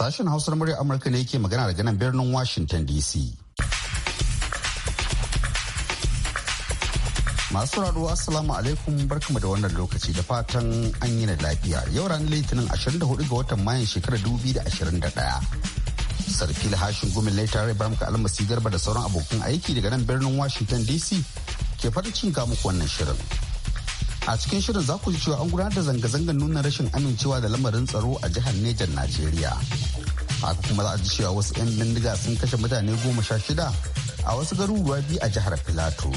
Sashen Hausar murya Amurka ne ke magana daga nan birnin Washington DC. Masu raro Assalamu alaikum barkamu da wannan lokaci da fatan an yi na lafiya. Yau ranar Litinin 24 ga watan Mayan shekarar 2021. Sarfil hashin gumin laitare muka Almasi Garba da sauran abokan aiki daga nan birnin Washington DC ke fata cin muku wannan shirin. a cikin shirin za ku ji cewa an gudanar da zanga-zangar nuna rashin amincewa da lamarin tsaro a jihar Nejan Najeriya. Haka kuma za a ji cewa wasu 'yan bindiga sun kashe mutane goma sha shida a wasu garuruwa biyu a jihar Filato.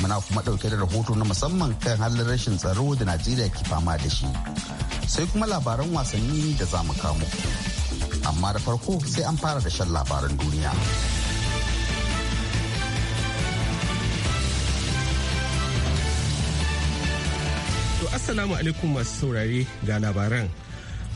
Muna kuma ɗauke da rahoto na musamman kan halin rashin tsaro da Najeriya ke fama da shi. Sai kuma labaran wasanni da za mu kawo Amma da farko sai an fara da shan labaran duniya. Assalamu alaikum masu saurare ga labaran.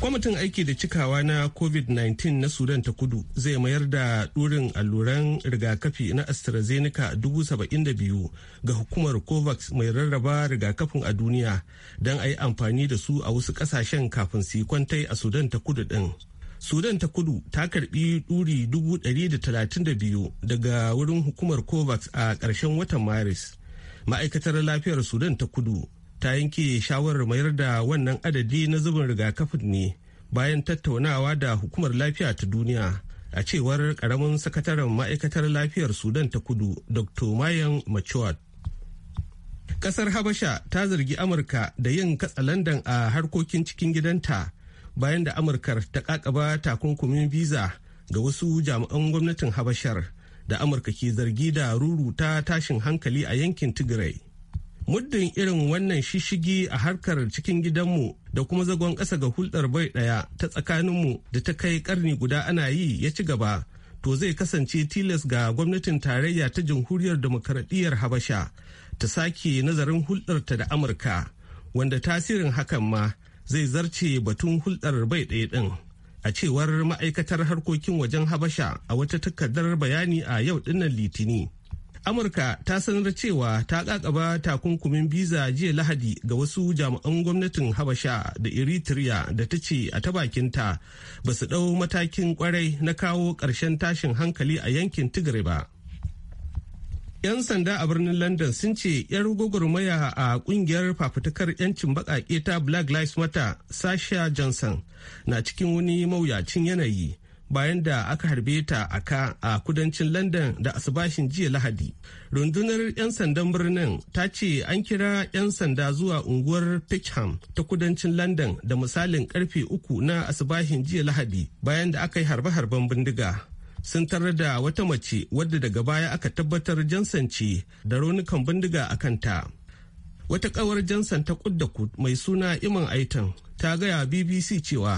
Kwamitin aiki da cikawa na COVID-19 na Sudan ta kudu zai mayar da ɗurin alluran rigakafi na AstraZeneca 72,000 ga hukumar COVAX mai rarraba rigakafin a duniya don a yi amfani da su a wasu ƙasashen kafin su yi kwantai a Sudan ta kudu ɗin. Sudan ta kudu ta karbi ɗuri 132 daga wurin hukumar COVAX a ƙarshen watan Maris. Ma'aikatar lafiyar Sudan ta kudu ta yanke shawarar mayar da wannan adadi na zubin rigakafin ne bayan tattaunawa da hukumar lafiya ta duniya a cewar karamin sakataren ma'aikatar lafiyar sudan ta kudu dr mayan machuad kasar habasha ta zargi amurka da yin katsalandan a harkokin cikin gidanta bayan da amurkar ta kakaba takunkumin visa ga wasu jami'an gwamnatin habashar da amurka ke zargi da ruruta tashin hankali a yankin tigray muddin irin wannan shishigi a harkar cikin gidanmu da kuma zagon ƙasa ga hulɗar bai ɗaya ta tsakaninmu da ta kai ƙarni guda ana yi ya ci gaba to zai kasance tilas ga gwamnatin tarayya ta jamhuriyar demokaradiyyar habasha ta sake nazarin hulɗarta da amurka wanda tasirin hakan ma zai zarce batun hulɗar bai ɗaya ɗin a cewar ma'aikatar harkokin wajen habasha a wata takardar bayani a yau ɗinnan litini. amurka ta sanar cewa ta kakaba takunkumin biza jiya lahadi ga wasu jami'an gwamnatin habasha da eritrea da ta ce a ta bakinta ba su ɗau matakin kwarai na kawo ƙarshen tashin hankali a yankin tigray ba 'yan sanda a birnin london sun ce 'yar gwagwarmaya a kungiyar fafutukar 'yancin baƙaƙe ta black lives matter sasha johnson na cikin wani mawuyacin yanayi bayan da aka harbe ta a ka a kudancin london da asibashin jiya lahadi rundunar 'yan sandan birnin ta ce an kira 'yan sanda zuwa unguwar pickham ta kudancin london da misalin karfe uku na asibashin jiya lahadi bayan da aka yi harbe-harben bindiga sun tarar da wata mace wadda daga baya aka tabbatar jansance da raunukan bindiga a kanta. wata kawar jansan ta kudda mai suna iman aitan ta gaya bbc cewa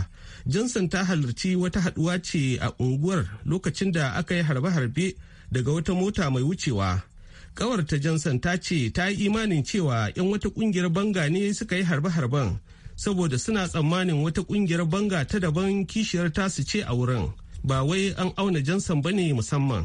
Jansan ta halarci wata haduwa ce a unguwar lokacin da aka yi harbe-harbe daga wata mota mai wucewa kawar ta jansan ta ce ta yi imanin cewa 'yan wata kungiyar banga ne suka yi harbe-harben saboda suna tsammanin wata kungiyar banga ta daban kishiyar ta su ce a wurin ba wai an auna jansan ba ne musamman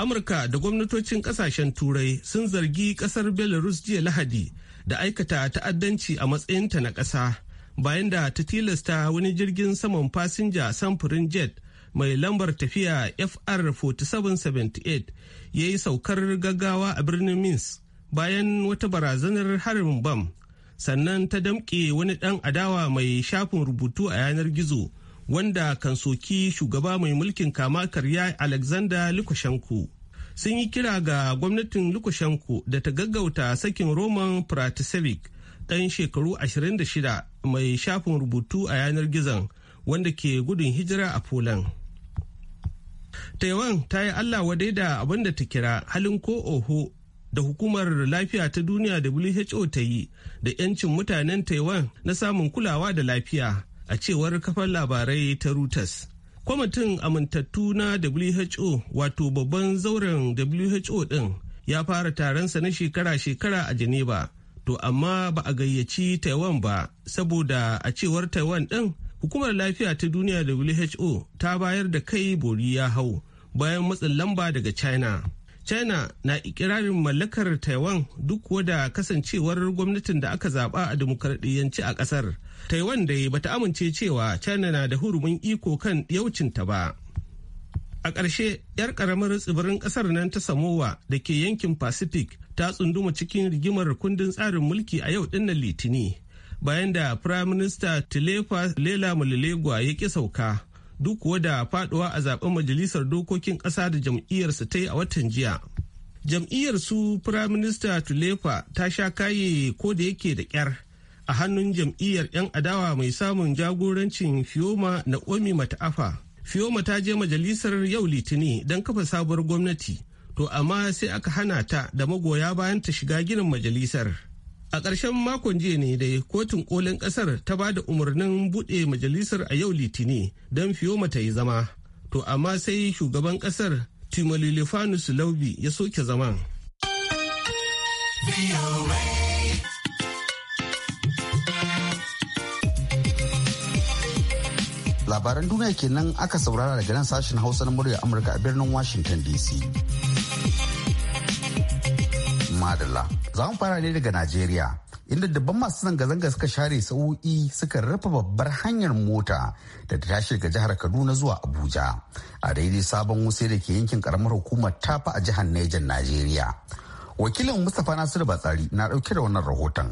amurka da gwamnatocin kasashen turai sun zargi kasar belarus jiya lahadi da aikata ta'addanci a matsayinta na ƙasa bayan da ta tilasta wani jirgin saman fasinja samfurin jet mai lambar tafiya fr 4778 ya yi saukar gaggawa a birnin minsk bayan wata barazanar harin bam sannan ta damƙe wani ɗan adawa mai shafin rubutu a yanar gizo wanda kan soki shugaba mai mulkin kama karya alexander lukashenko sun yi kira ga gwamnatin lukashenko da ta gaggauta sakin roman pratisevic ɗan shekaru 26 mai shafin rubutu a yanar gizon wanda ke gudun hijira a poland taiwan ta yi allah wadai da abin ta kira halin ko oho da hukumar lafiya ta duniya who ta yi da 'yancin mutanen taiwan na samun kulawa da lafiya a cewar kafar labarai ta Reuters. Kwamitin amintattu na WHO wato babban zauren WHO ɗin ya fara taronsa na shekara-shekara a Geneva. To amma ba a gayyaci Taiwan ba saboda a cewar Taiwan ɗin hukumar lafiya ta duniya WHO ta bayar da kai bori ya hau bayan matsin lamba daga China. china na ikirarin mallakar taiwan duk kuwa da kasancewar gwamnatin da aka zaba a demokradiyyanci a kasar taiwan dai bata amince cewa china na da hurumin iko kan yaucinta ba a ƙarshe 'yar ƙaramar tsibirin ƙasar nan ta samowa da ke yankin pacific ta tsunduma cikin rigimar kundin tsarin mulki a yau dinnan litini bayan da prime minister tilefa lela mulilegwa ya ƙi sauka duk kuwa da faduwa a zaben majalisar dokokin ƙasa da jam'iyyarsa ta yi a watan jiya. Jam'iyyar su Minister Tulefa ta sha kaye ko da yake da ƙyar a hannun jam'iyyar 'yan adawa mai samun jagorancin Fioma Naomi Mata'afa. Fioma ta je majalisar yau Litini don kafa sabuwar gwamnati, to amma sai aka hana ta da magoya bayan ta shiga ginin majalisar. A ƙarshen makon jiya ne dai kotun kolin ƙasar ta ba da umarnin buɗe majalisar a yau litini don Fiyoma ta yi zama. To amma sai shugaban ƙasar Timolilifanus Laubi ya soke zama. Labaran duniya kenan aka saurara daga nan sashen Hausa na murya Amurka a birnin Washington DC. madalla za mu fara ne daga najeriya inda dubban masu zanga-zanga suka share sa'o'i suka rufe babbar hanyar mota da ta tashi daga jihar kaduna zuwa abuja a daidai sabon wuse da ke yankin karamar hukumar tafa a jihar nejan najeriya wakilin mustapha nasiru batsari na dauke da wannan rahoton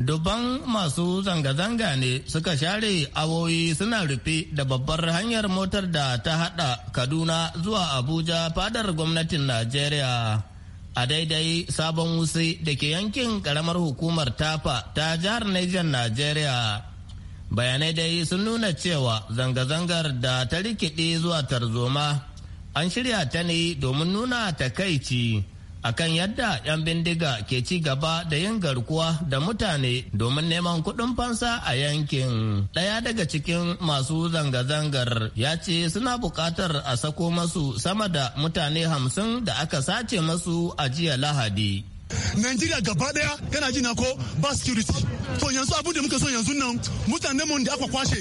Dubban masu zanga-zanga ne suka share awoyi suna rufe da babbar hanyar motar da ta hada Kaduna zuwa Abuja fadar gwamnatin Najeriya. a daidai sabon wuse da ke yankin karamar hukumar tafa ta jihar Niger Najeriya. Bayanai dai sun nuna cewa zanga-zangar da ta rikide zuwa tarzoma an shirya ta ne domin nuna takaici akan yadda 'yan bindiga ke ci gaba da yin garkuwa da mutane domin neman kuɗin fansa a yankin. Ɗaya daga cikin masu zanga-zangar ya ce suna buƙatar a sako masu sama da mutane hamsin da aka sace masu a jiya Lahadi. nigeria gaba daya yana ji na ko ba security. To yanzu abin da muka so yanzu nan mutanen mu da aka kwashe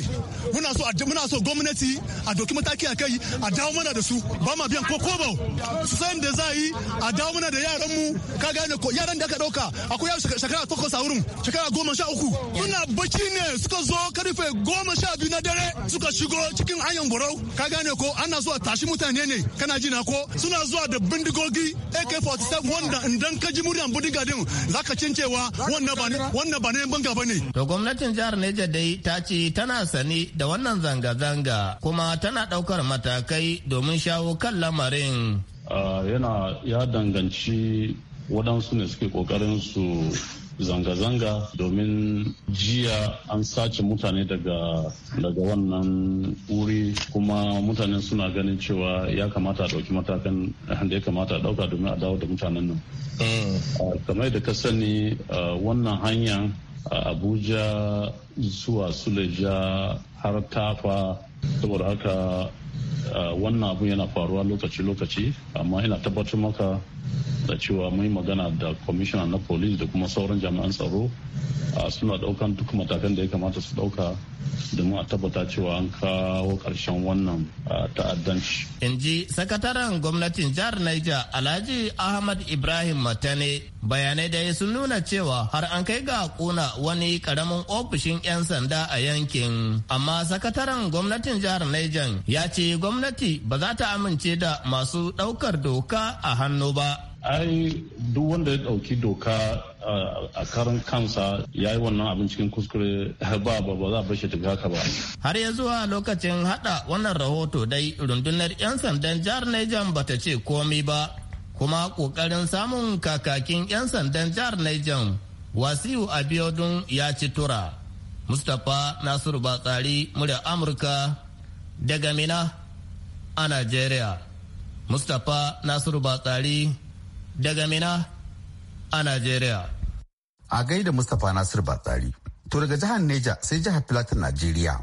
muna so muna so gwamnati a doki mataki a kai a dawo mana da su ba ma biyan ko kobo su san da za yi a dawo mana da yaran mu ka gane ko yaran da aka dauka akwai yaro shekara takwas a wurin shekara goma sha uku suna bacci ne suka zo karfe goma sha biyu na dare suka shigo cikin hanyar borau ka gane ko ana zuwa tashi mutane ne kana ji na ko suna zuwa da bindigogi AK-47 wanda idan ka ji wannan budiga din zaka cin wannan ba wannan ba ne to gwamnatin jihar Neja dai ta ce tana sani da wannan zanga zanga kuma tana daukar matakai domin shawo kan lamarin ah, yana ya danganci waɗansu ne suke ƙoƙarin su zanga-zanga domin jiya an sace mutane daga daga wannan wuri kuma mutane suna ganin cewa ya kamata a ɗauki matakan da ya kamata a ɗauka domin a dawo da mutanen nan mm. ah, kamar da ka sani ah, wannan hanyar abuja zuwa suleja har tafa saboda haka ah, wannan abu yana faruwa lokaci-lokaci amma ina tabbatar maka da cewa mai magana da kwamishina na police da kuma sauran jami'an tsaro suna daukan duk matakan da ya kamata su dauka domin a tabbata cewa an kawo karshen wannan ta'addanci. in ji sakataren gwamnatin jihar niger alhaji ahmad ibrahim matane bayanai da ya sun nuna cewa har an kai ga kuna wani karamin ofishin 'yan sanda a yankin amma sakataren gwamnatin jihar niger ya ce gwamnati ba za ta amince da masu daukar doka a hannu ba ai duk wanda ya dauki doka a karan kansa ya yi wannan abin cikin kuskure ba ba ba za a bashi tuga haka ba har ya zuwa lokacin hada wannan rahoto dai rundunar 'yan sandan jihar Niger ta ce komi ba kuma kokarin samun kakakin 'yan sandan jihar Niger wasiu abiodun ya ci tura mustapha nasiru batsari murya amurka daga mina a nigeria mustapha nasiru batsari daga Mina a Najeriya. A gaida Mustapha Nasir Batsari, to daga jihar Neja sai jihar Filatin Najeriya.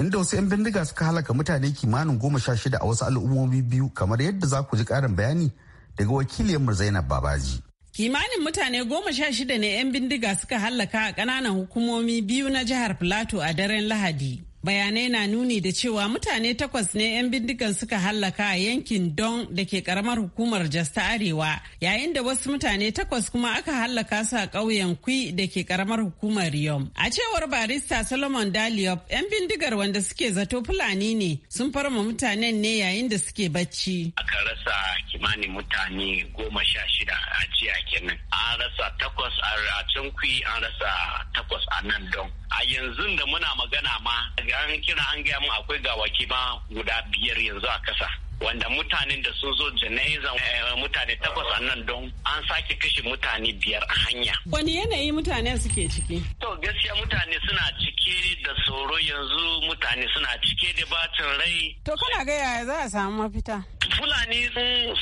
Inda wasu 'yan bindiga suka halaka mutane kimanin goma sha shida a wasu al'ummomi biyu kamar yadda za ku ji karin bayani daga wakiliyar Zainab Babaji. Kimanin mutane goma sha shida ne 'yan bindiga suka hallaka a ƙananan hukumomi biyu na jihar Filato a daren Lahadi. bayanai na nuni da cewa mutane takwas ne 'yan bindigan suka hallaka a yankin don da ke karamar hukumar jas ta arewa yayin da wasu mutane takwas kuma aka hallaka su a ƙauyen kwi da ke karamar hukumar yom a cewar barista solomon daliop 'yan bindigar wanda suke zato fulani ne sun farma mutanen ne yayin da suke bacci aka rasa kimanin mutane goma sha shida a jiya kenan an rasa takwas a Cinkwi an rasa takwas a nan don. A yanzu da muna magana ma an kira an gaya mu akwai gawaki ma guda biyar yanzu a kasa. wanda mutanen da sun zo jana'izan eh, mutane takwas a nan don an sake kashe mutane biyar a hanya. Wani yanayi mutanen suke ciki? To gaskiya mutane suna cike da tsoro yanzu mutane suna cike da bacin rai. To kana ga yaya za a samu mafita? fulani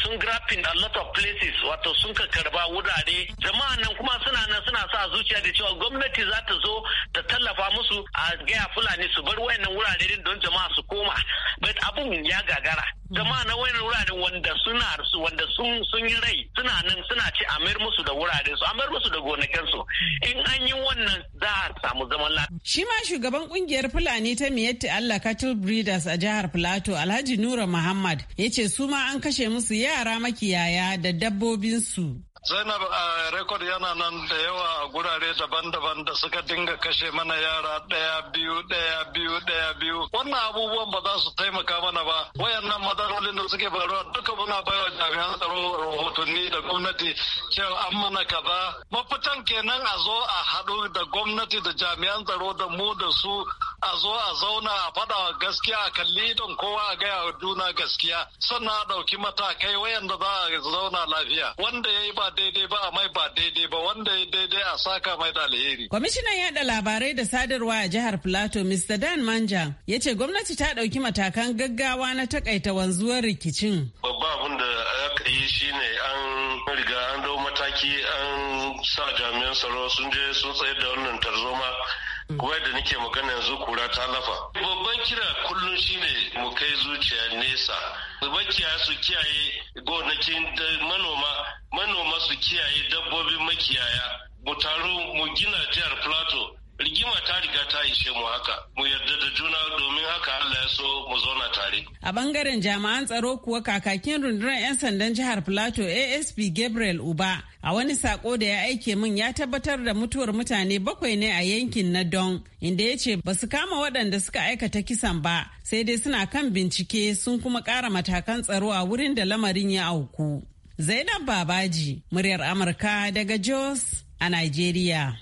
sun grafin a lot of places wato sun ka karba wurare jama'a nan kuma suna nan suna sa zuciya da cewa gwamnati za ta zo ta tallafa musu a gaya fulani su bar wayannan wurare don jama'a su koma but abun ya gagara jama'a na wani wurare wanda suna wanda sun sun yi rai suna nan suna ce a mayar musu da wuraren su a mayar musu da gonakin su in an yi wannan za a samu zaman lafiya shi ma shugaban kungiyar fulani ta miyatti Allah cattle breeders a jihar Plateau Alhaji Nura Muhammad yace su ma an kashe musu yara makiyaya da dabbobin su Zainab a rekod yana nan da yawa a gurare daban-daban da suka dinga kashe mana yara ɗaya biyu ɗaya biyu ɗaya biyu. Wannan abubuwan ba za su taimaka mana ba. Wayannan matsalolin da suke faruwa duka muna baiwa jami'an tsaro rahotanni da gwamnati cewa an mana kaza. Mafitan kenan a zo a haɗu da gwamnati da jami'an tsaro da mu da su a zo a zauna a faɗa gaskiya a kalli don kowa a gaya wa juna gaskiya sannan a ɗauki matakai wayanda za a zauna lafiya. Wanda ya yi ba daidai ba a mai ba daidai ba wanda ya daidai a saka mai da alheri. Kwamishinan yada labarai da sadarwa a jihar Plateau Mr. Dan Manja ya ce gwamnati ta ɗauki matakan gaggawa na takaita wanzuwar rikicin. Babba abin da aka yi shine an riga an dau mataki an sa jami'an tsaro sun je sun tsayar da wannan tarzoma kuma da nake magana yanzu kura ta lafa babban kira kullum shine mu kai zuciya nesa makiyaya su kiyaye gonakin da manoma manoma su kiyaye dabbobin makiyaya mu taru mu gina jihar plateau rigima ta riga ta ishe mu haka mu yarda da juna domin haka Allah ya so mu zauna tare. A bangaren jami'an tsaro kuwa kakakin rundunar 'yan sandan jihar Plateau ASP Gabriel Uba a wani sako da ya aike min ya tabbatar da mutuwar mutane bakwai ne a yankin na Don inda ya ce ba su kama waɗanda suka aikata kisan ba sai dai suna kan bincike sun kuma ƙara matakan tsaro a wurin da lamarin ya auku. Zainab Babaji, muryar Amurka daga Jos a Nigeria.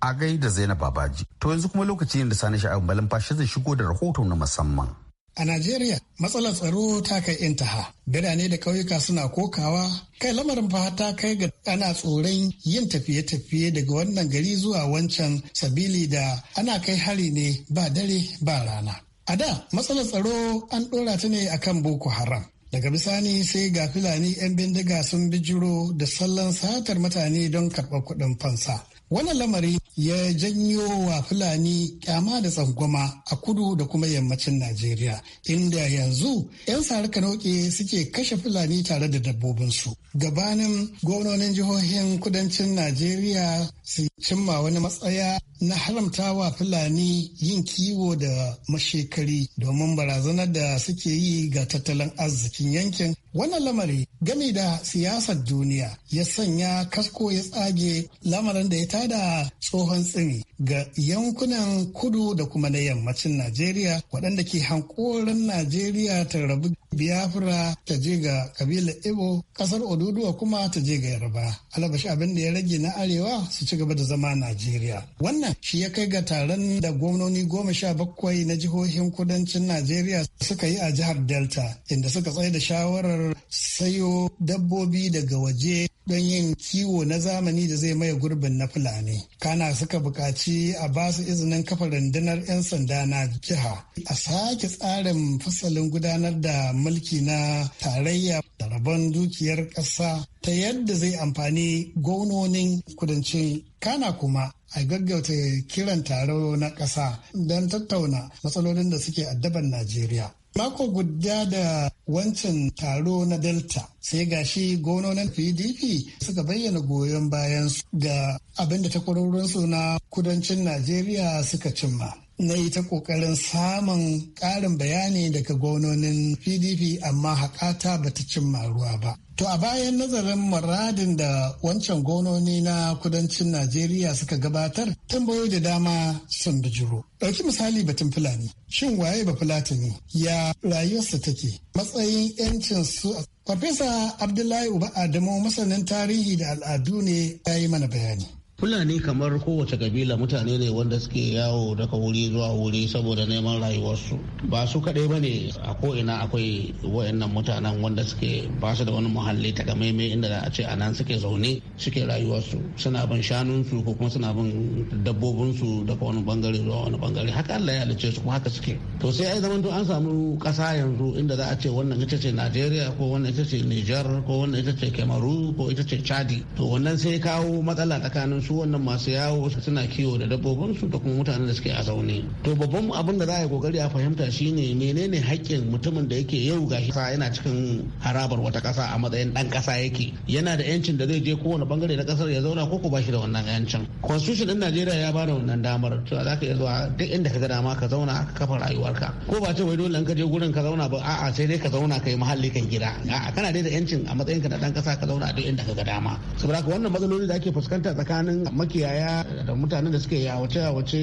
A gaida Zainab Babaji, to yanzu kuma lokaci da sani sha'abu malumfashi zai shigo da rahoto na musamman. A Najeriya, matsalar tsaro ta kai intaha. Birane da ƙauyuka suna kokawa, kai lamarin fa ta kai ga ana tsoron yin tafiye-tafiye daga wannan gari zuwa wancan sabili da ana kai hari ne ba dare ba rana. A da matsalar tsaro an ɗora ta ne akan Boko Haram. daga bisani sai ga fulani 'yan bindiga sun bijiro da sallan satar mutane don karɓar kuɗin fansa wannan lamari ya janyo wa Fulani kyama da tsangwama a kudu da kuma yammacin Najeriya, inda yanzu 'yan sarika nauke suke kashe Fulani tare da dabbobinsu. Gabanin gwamnonin jihohin kudancin Najeriya su cimma wani matsaya na haramta wa Fulani yin kiwo da mashekari domin barazanar da suke yi ga tattalin arzikin yankin. Wannan lamari gami da siyasar duniya ya sanya kasko ya tsage lamarin da ya tada tso tsohon tsimi ga yankunan kudu da kuma na yammacin Najeriya waɗanda ke hankoron Najeriya ta rabu biafra ta je ga kabilar ibo kasar oduduwa kuma ta je ga yarba alabashi abin da ya rage na arewa su ci gaba da zama najeriya wannan shi ya kai ga taron da gwamnoni goma sha bakwai na jihohin kudancin najeriya suka yi a jihar delta inda suka tsaye da shawarar sayo dabbobi daga waje don yin kiwo na zamani da zai maye gurbin na fulani kana suka buƙaci a ba su izinin kafa rundunar 'yan sanda na jiha a sake tsarin fasalin gudanar da mulki na tarayya da rabon dukiyar ƙasa ta yadda zai amfani gononin kudancin kana kuma a gaggauta kiran taro na ƙasa don tattauna matsalolin da suke addaban najeriya Mako guda da wancan taro na Delta sai gashi gononin PDP suka bayyana goyon bayan ga abinda da takwarorinsu na kudancin Najeriya suka cimma. na yi ta ƙoƙarin samun ƙarin bayani daga gwamnonin pdp amma haƙata ba ta cimma ruwa ba to a bayan nazarin muradin da wancan gononi na kudancin najeriya suka gabatar tambayoyi da dama sun bijiro ɗauki misali batun fulani shin waye ba fulatani ya rayuwarsa take matsayin 'yancin su farfesa abdullahi uba adamu masanin tarihi da al'adu ne ya yi mana bayani fulani kamar kowace kabila mutane ne wanda suke yawo daga wuri zuwa wuri saboda neman rayuwarsu ba su kaɗai ba ne a ko'ina akwai wayannan mutanen wanda suke ba su da wani muhalli maimai inda a ce a nan suke zaune suke rayuwarsu suna bin shanunsu ko kuma suna bin dabbobinsu daga wani bangare zuwa wani bangare haka allah ya halice su kuma haka suke to sai ai zaman an samu ƙasa yanzu inda za a ce wannan ita ce najeriya ko wannan ita ce nijar ko wannan ita ce kemaru ko ita ce chadi to wannan sai kawo matsala tsakanin su su wannan masu yawo suna kiwo da dabbobin su da kuma mutanen da suke a zaune to babban abin da za a yi kokari a fahimta shine menene haƙƙin mutumin da yake yau gashi yana cikin harabar wata ƙasa a matsayin ɗan ƙasa yake yana da yancin da zai je kowane bangare na ƙasar ya zauna ko ko ba shi da wannan yancin constitution din Najeriya ya bada wannan damar to za ka iya zuwa duk inda ka ga dama ka zauna ka kafa rayuwarka ko ba ce wai dole in ka je gurin ka zauna ba a'a sai dai ka zauna kai muhalli kan gida a'a kana dai da yancin a matsayinka na ɗan ƙasa ka zauna duk inda ka ga dama saboda wannan matsaloli da ake fuskanta tsakanin makiyaya da mutanen da suke yawace yawace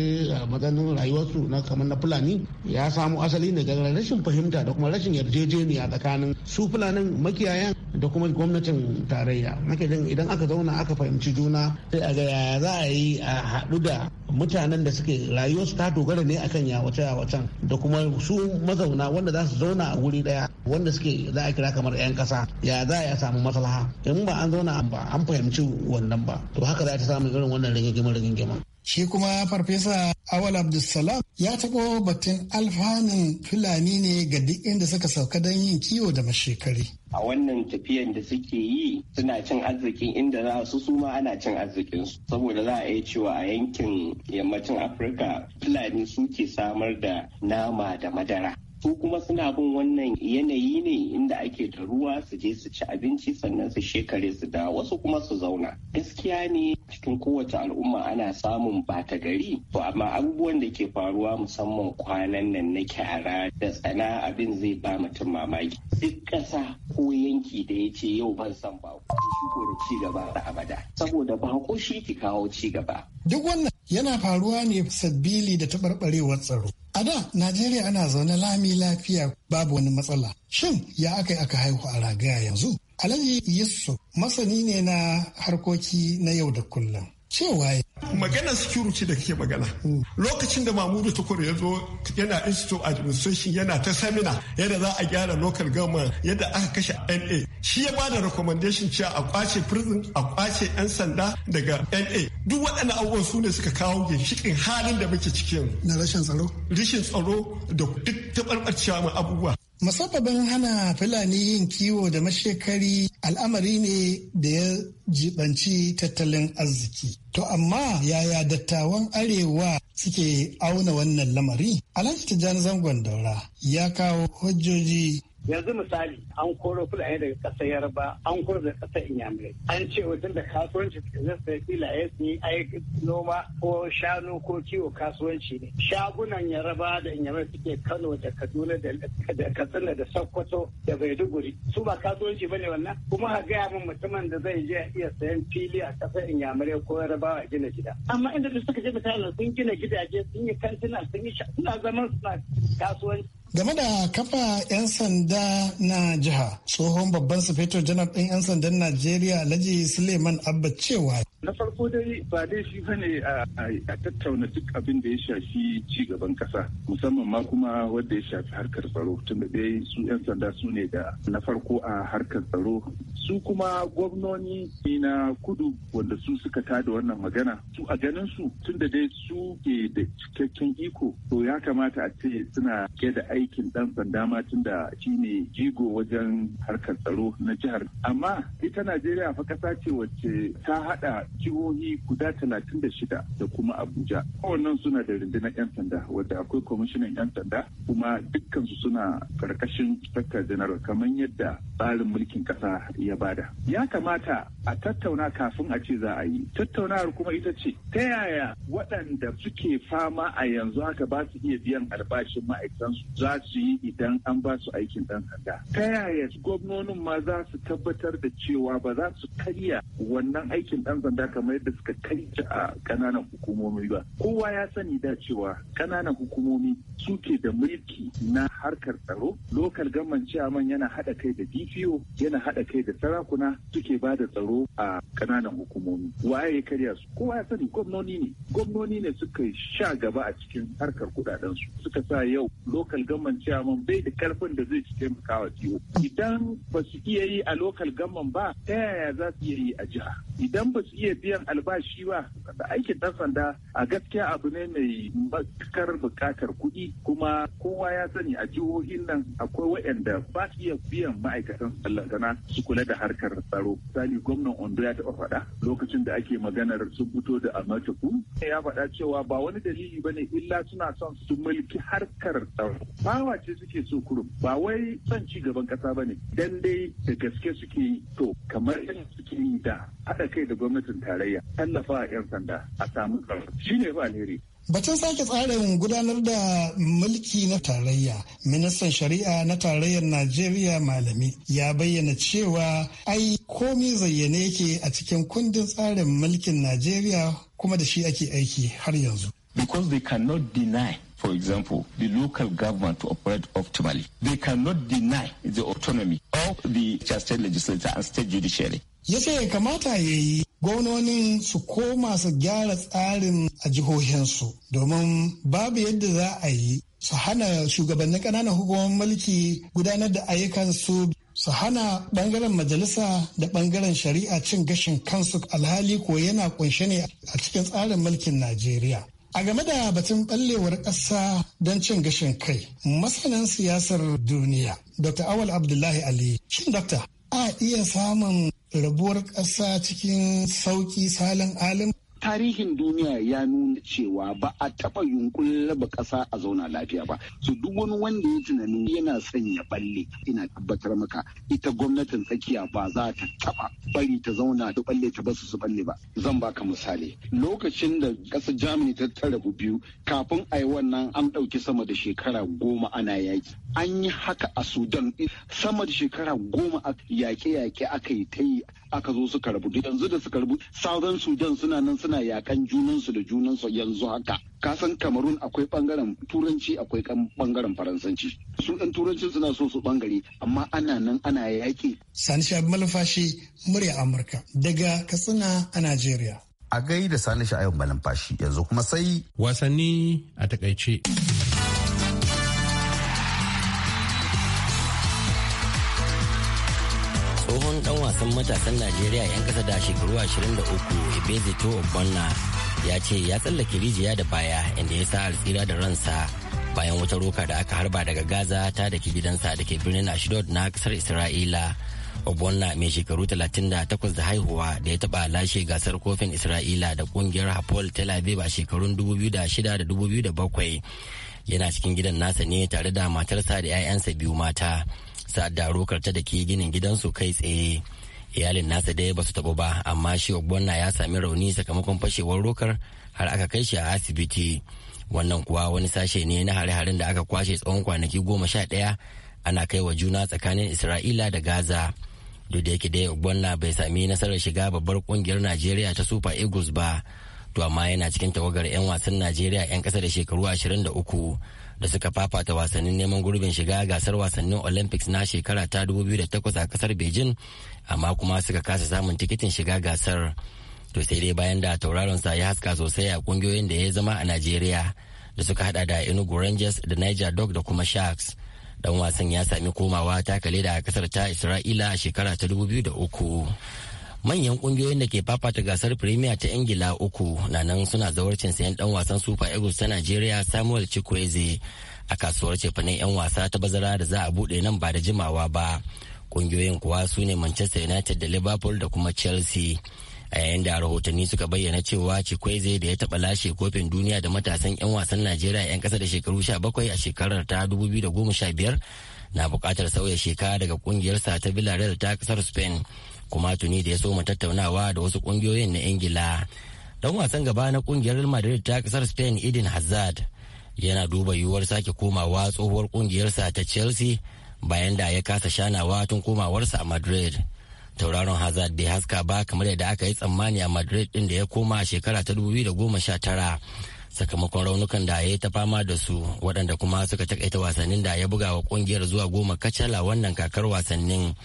maganin rayuwarsu na kamar na fulani ya samu asali ne daga rashin fahimta da kuma rashin yarjejeniya tsakanin su fulanin makiyayan da kuma gwamnatin tarayya makiyayan idan aka zauna aka fahimci juna sai a ga yaya za a yi a haɗu da mutanen da suke rayuwarsu ta dogara ne akan yawace yawacen da kuma su mazauna wanda za su zauna a wuri daya wanda suke za a kira kamar 'yan kasa ya za a samu maslaha in ba an zauna ba an fahimci wannan ba to haka za ta samu samun irin wannan rigingima rigingima shi kuma farfesa awal abdulsalam ya taɓo batun alfanun fulani ne ga duk inda suka sauka don yin kiwo da mashekari a wannan tafiyan da suke yi suna cin arzikin inda za su suma ana cin arzikin su saboda za a iya cewa a yankin yammacin afirka fulani suke samar da nama da madara su kuma suna bin wannan yanayi ne inda ake da ruwa su je su ci abinci sannan su shekare su da wasu kuma su zauna gaskiya ne cikin kowace al'umma ana samun bata gari to amma abubuwan da ke faruwa musamman kwanan nan na kyara da tsana abin zai ba mutum mamaki duk ƙasa ko yanki da ya ce yau ban san bako shi ko da ci gaba abada saboda bako shi ki kawo ci gaba duk wannan yana faruwa ne sabbili da taɓarɓarewar tsaro. A da, Najeriya ana zaune lami lafiya babu wani matsala. Shin ya aka aka haihu a ragaya yanzu? Alhaji Yusuf masani ne na harkoki na yau da kullum. cewa magana security da kake magana lokacin da mamudu tukur ya zo yana institute administration yana ta samina yadda za a gyara local government yadda aka kashe na shi ya bada recommendation cewa a kwace prison a kwace yan sanda daga na duk waɗannan abubuwan su ne suka kawo ginshikin halin da muke cikin na rashin tsaro rashin tsaro da duk taɓarɓarcewa abubuwa Masababin hana Fulani yin kiwo da mashekari al'amari ne da ya jibanci tattalin arziki. To amma yaya dattawan Arewa suke auna wannan lamari? Alhaji Tijjani Zangon Daura ya kawo hujjoji yanzu misali an koro fulani daga kasar yarba an koro daga kasar inyamurai an ce wajen da kasuwanci suka zai filaye su yi noma ko shanu ko kiwo kasuwanci ne shagunan yaraba da inyamurai suke kano da kaduna da katsina da sokoto da maiduguri su ba kasuwanci bane wannan kuma a gaya min mutumin da zai je iya sayan fili a kasar inyamurai ko a gina gida amma inda da suka je misali sun gina gidaje sun yi kantina sun yi suna zaman suna kasuwanci Game da kafa 'yan sanda na jiha, tsohon babban sufeto janar ɗin 'yan sandan Najeriya Alhaji Suleiman Abba cewa na farko dai ba laifi ba ne a tattauna duk abin da ya shafi ci gaban kasa musamman ma kuma wanda ya shafi harkar tsaro tunda dai su 'yan sanda su ne da na farko a harkar tsaro su kuma gwamnoni na kudu wanda su suka tada wannan magana su a ganin su tunda dai su ke da cikakken iko to ya kamata a ce suna ke da aikin dan sanda ma tunda shi ne jigo wajen harkar tsaro na jihar amma ita najeriya fa kasa ce wacce ta hada jihohi guda talatin da shida da kuma abuja kowannan suna da rundunar yan sanda wadda akwai kwamishinan yan sanda kuma dukkansu suna karkashin sakar janar kamar yadda tsarin mulkin kasa ya bada ya kamata a tattauna kafin a ce za a yi tattaunawar kuma ita ce ta yaya waɗanda suke fama a yanzu haka ba su iya biyan albashin ma'aikatansu za su yi idan an ba su aikin ɗan sanda ta yaya gwamnonin ma za su tabbatar da cewa ba za su karya wannan aikin ɗan sanda da kamar yadda suka kai a kananan hukumomi ba kowa ya sani da cewa kananan hukumomi suke da mulki na harkar tsaro lokal gaman ciyaman yana haɗa kai da dpo yana haɗa kai da sarakuna suke ba da tsaro a kananan hukumomi waye ya karya su kowa ya sani gwamnoni ne gwamnoni ne suka sha gaba a cikin harkar kudaden su suka sa yau lokal gaman ciyaman bai da karfin da zai taimaka wa ciwo idan ba su iya yi a lokal gaman ba ta yaya za su iya yi a jiha idan ba su iya iya biyan albashi ba da aikin ɗan sanda a gaskiya abu ne mai matukar buƙatar kuɗi kuma kowa ya sani a jihohin nan akwai waɗanda ba su iya biyan ma'aikatan sallantana su kula da harkar tsaro sani gwamnan ondo ya taɓa faɗa lokacin da ake maganar sun fito da amatuku ya faɗa cewa ba wani dalili ba ne illa suna son su mulki harkar tsaro bawa ce suke so kurum ba wai son ci gaban ƙasa ba ne dan dai da gaske suke yi to kamar suke yi da haɗa kai da gwamnatin tarayya tallafa a 'yan sanda a samu shi ne ba alheri Batun sake tsarin gudanar da mulki na tarayya, ministan shari'a na tarayyar Najeriya malami ya bayyana cewa ai komi zayyane yake a cikin kundin tsarin mulkin Najeriya kuma da shi ake aiki har yanzu. Because they cannot deny for example, the local government to operate optimally. They cannot deny the autonomy of the state legislature and state judiciary. ya ce ya kamata ya yi gwamnonin su koma su gyara tsarin a jihohinsu domin babu yadda za a yi su hana shugabannin ƙananan hukumar mulki gudanar da ayyukansu su hana bangaren majalisa da bangaren shari'a cin gashin kansu alhali ko yana kunshe ne a cikin tsarin mulkin najeriya a game da batun ɓallewar ƙasa don cin gashin kai masanan siyasar duniya dr awal abdullahi ali shin dokta a iya samun rabuwar ƙasa cikin sauƙi salin alim tarihin duniya ya nuna cewa ba a taɓa yunkurin raba ƙasa a zauna lafiya ba su duk wani wanda ya tunanin yana sanya ya balle ina tabbatar maka ita gwamnatin tsakiya ba za ta taɓa bari ta zauna ta balle ta basu su balle ba zan baka misali lokacin da ƙasar germany ta tara biyu kafin a yi wannan an ɗauki sama da shekara goma ana yaƙi an yi haka a sudan sama da shekara goma yaƙe-yaƙe aka yi ta yi aka zo suka rabu yanzu da suka rabu sauran sudan suna nan suna yakan junansu da junansu yanzu haka ka san kamarun akwai bangaren turanci akwai bangaren faransanci su dan turancin suna so su bangare amma ana nan ana yaki. sani shabi malumfashi murya amurka daga katsina a najeriya a gai da sani sha'ayin malumfashi yanzu kuma sai wasanni a takaice. wasan matasan Najeriya 'yan kasa da shekaru 23 to Ogbonna ya ce ya tsallake rijiya da baya inda ya sa tsira da ransa bayan wata roka da aka harba daga Gaza ta da ke gidansa da ke birnin Ashdod na kasar Isra'ila. obonna mai shekaru 38 da haihuwa da ya taba lashe gasar kofin Isra'ila da kungiyar Hapoel Tel Aviv a shekarun 2006 da 2007 yana cikin gidan nasa ne tare da matarsa da 'ya'yansa biyu mata. sa'ad da rokar ta da ke ginin gidansu kai tsaye iyalin nasa dai ba su taɓa ba amma shi ogbonna ya sami rauni sakamakon fashewar rokar har aka kai shi a asibiti wannan kuwa wani sashe ne na hare-haren da aka kwashe tsawon kwanaki goma sha ɗaya ana kai wa juna tsakanin isra'ila da gaza duk da yake dai ogbonna bai sami nasarar shiga babbar ƙungiyar najeriya ta super eagles ba to amma yana cikin tawagar 'yan wasan najeriya 'yan ƙasa da shekaru 23 da suka fafata wasannin neman gurbin shiga gasar wasannin olympics na shekara ta 2008 a kasar beijing amma kuma suka kasa samun tikitin shiga gasar to sai dai bayan da tauraronsa ya haska sosai a kungiyoyin da ya zama a nigeria da suka hada da enugu rangers da niger dog da kuma sharks dan wasan ya sami komawa takale da kasar ta isra'ila a shekara ta 2003 manyan kungiyoyin da ke fafata gasar premier ta ingila uku na nan suna zawarcin sayan dan wasan super eagles ta nigeria samuel chikweze a kasuwar cefanen yan wasa ta bazara da za a bude nan ba da jimawa ba kungiyoyin kuwa su ne manchester united da liverpool da kuma chelsea a yayin da rahotanni suka bayyana cewa chikweze da ya taba lashe kofin duniya da matasan 'yan wasan Nigeria 'yan kasa da shekaru 17 a shekarar ta 2015 na bukatar sauya shekara daga ƙungiyarsa ta villarreal ta kasar spain kuma tuni da ya soma tattaunawa da wasu kungiyoyin na ingila dan wasan gaba na kungiyar real madrid ta kasar spain idin hazard yana duba yiwuwar sake komawa tsohuwar kungiyarsa ta chelsea bayan da ya kasa shanawa tun komawarsa a madrid tauraron hazard bai haska ba kamar yadda aka yi tsammani a madrid din da ya koma a shekara ta 2019 sakamakon raunukan da ya ta fama da su waɗanda kuma suka takaita wasannin da ya buga wa kungiyar zuwa goma kacala wannan kakar wasannin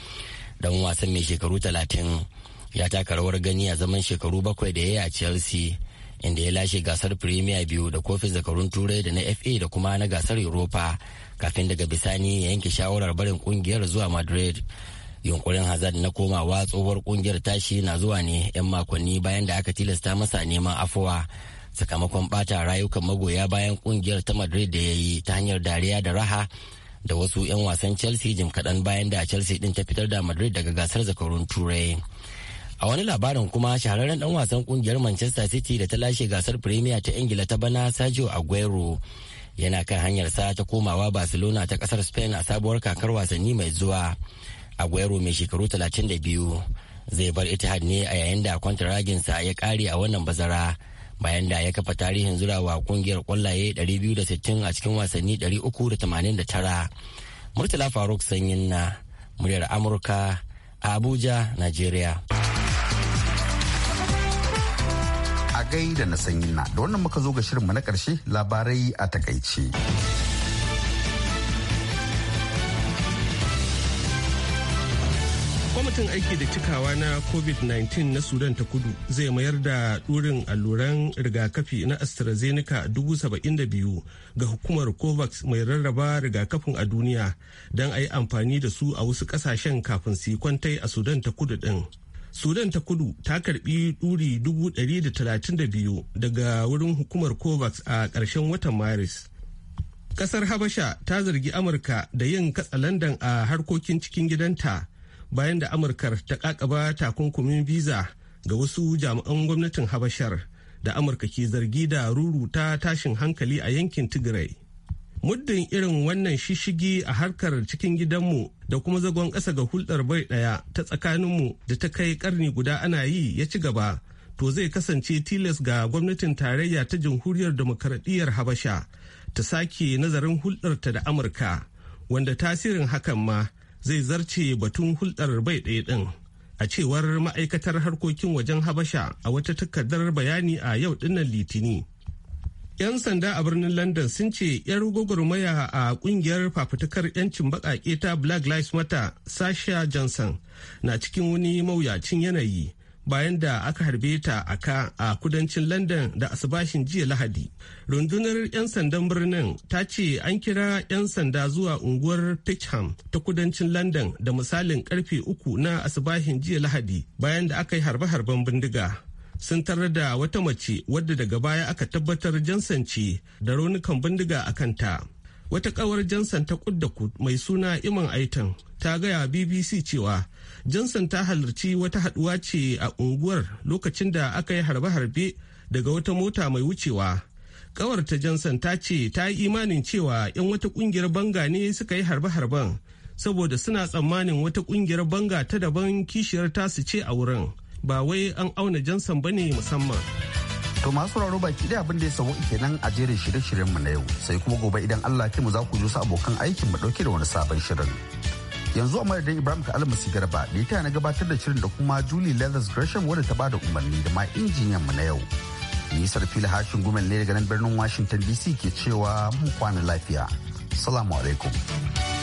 dan wasan mai shekaru talatin ya taka rawar gani a zaman shekaru bakwai da ya yi a chelsea inda ya lashe gasar premier biyu da kofin zakarun turai da na fa da kuma na gasar europa kafin daga bisani ya yanke shawarar barin kungiyar zuwa madrid yunkurin hazard na komawa tsohuwar kungiyar tashi na zuwa ne 'yan makonni bayan da aka tilasta masa neman afuwa sakamakon bata rayukan magoya bayan kungiyar ta madrid da ya yi ta hanyar dariya da raha da wasu 'yan wasan chelsea jim kaɗan bayan da chelsea din ta fitar da madrid daga gasar zakarun turai a wani labarin kuma shahararren dan wasan kungiyar manchester city da ta lashe gasar premier ta ingila ta bana sergio aguero yana kan hanyarsa ta komawa barcelona ta kasar spain a sabuwar kakar wasanni mai zuwa aguero mai shekaru 32 zai bar itihad ne a yayin da kwantaraginsa ya kare a wannan bazara bayan da ya kafa tarihin zurawa kungiyar kwallaye 260 a cikin wasanni 389 murtala faruk sanyin na muryar amurka a abuja nigeria a gai da na sanyin na da wannan muka zo ga shirinmu na karshe labarai a takaice. kwamitin aiki da cikawa na covid-19 na sudan ta kudu zai mayar da ɗurin alluran rigakafi na astrazeneca 72 ga hukumar covax mai rarraba rigakafin a duniya don a yi amfani da su a wasu ƙasashen kafin su yi kwantai a sudan ta kudu ɗin sudan ta kudu ta karbi ɗuri 132 daga wurin hukumar covax a ƙarshen watan maris kasar habasha ta zargi amurka da yin katsalandan a harkokin cikin gidanta bayan da amurkar ta kakaba takunkumin visa. ga wasu jami'an gwamnatin habashar da amurka ke zargi da ruruta tashin hankali a yankin tigray muddin irin wannan shishigi a harkar cikin gidanmu da kuma zagon ƙasa ga hulɗar bai ɗaya ta tsakaninmu da ta kai ƙarni guda ana yi ya ci gaba to zai kasance tilas ga gwamnatin tarayya ta jamhuriyar demokaradiyyar habasha ta sake nazarin hulɗarta da amurka wanda tasirin hakan ma zai zarce batun hulɗar bai ɗaya ɗin a cewar ma'aikatar harkokin wajen habasha a wata takardar bayani a yau dinnan litini. 'yan sanda a birnin london sun ce 'yar gwagwarmaya a kungiyar fafutukar 'yancin baƙaƙe ta black lives matter sasha johnson na cikin wani mawuyacin yanayi bayan da aka harbe ta a ka a kudancin london da asibashin jiya lahadi rundunar 'yan sandan birnin ta ce an kira 'yan sanda zuwa unguwar pitcham ta kudancin london da misalin karfe uku na asibashin jiya lahadi bayan da aka yi harbe-harben bindiga sun tarar da wata mace wadda daga baya aka tabbatar jansan da raunukan bindiga a kanta wata kawar jansan ta kudda mai suna iman aitan ta gaya bbc cewa johnson ta halarci wata haduwa ce a unguwar lokacin da aka yi harbe-harbe daga wata mota mai wucewa kawarta johnson ta ce ta yi imanin cewa 'yan wata kungiyar banga ne suka yi harbe-harben saboda suna tsammanin wata kungiyar banga ta daban kishiyar ta su ce a wurin ba wai an auna johnson ba ne musamman to masu raro baki da abin da ya ke nan a jerin shirye shiryen mu na yau sai kuma gobe idan allah mu za ku ji su abokan aikin mu dauke da wani sabon shirin yanzu a madadin ibrahim ka almasi garba da ita na gabatar da shirin da kuma julie leathers gresham wadda ta bada umarni da ma injiniyan mu na yau nisar fili hashin gumel ne daga nan birnin washington dc ke cewa mun kwana lafiya salamu alaikum